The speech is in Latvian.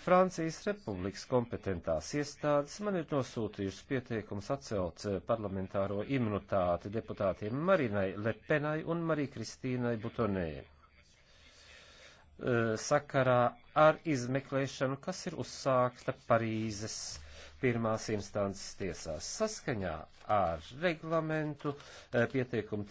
Francijas Republikas kompetentās iestādes man ir nosūtījušas pieteikums atcelt eh, parlamentāro imunitāti deputātiem Marinai Lepenai un Marija Kristīnai Butonē eh, sakarā ar izmeklēšanu, kas ir uzsākta Parīzes pirmās instances tiesās. Saskaņā ar reglamentu eh, pieteikumu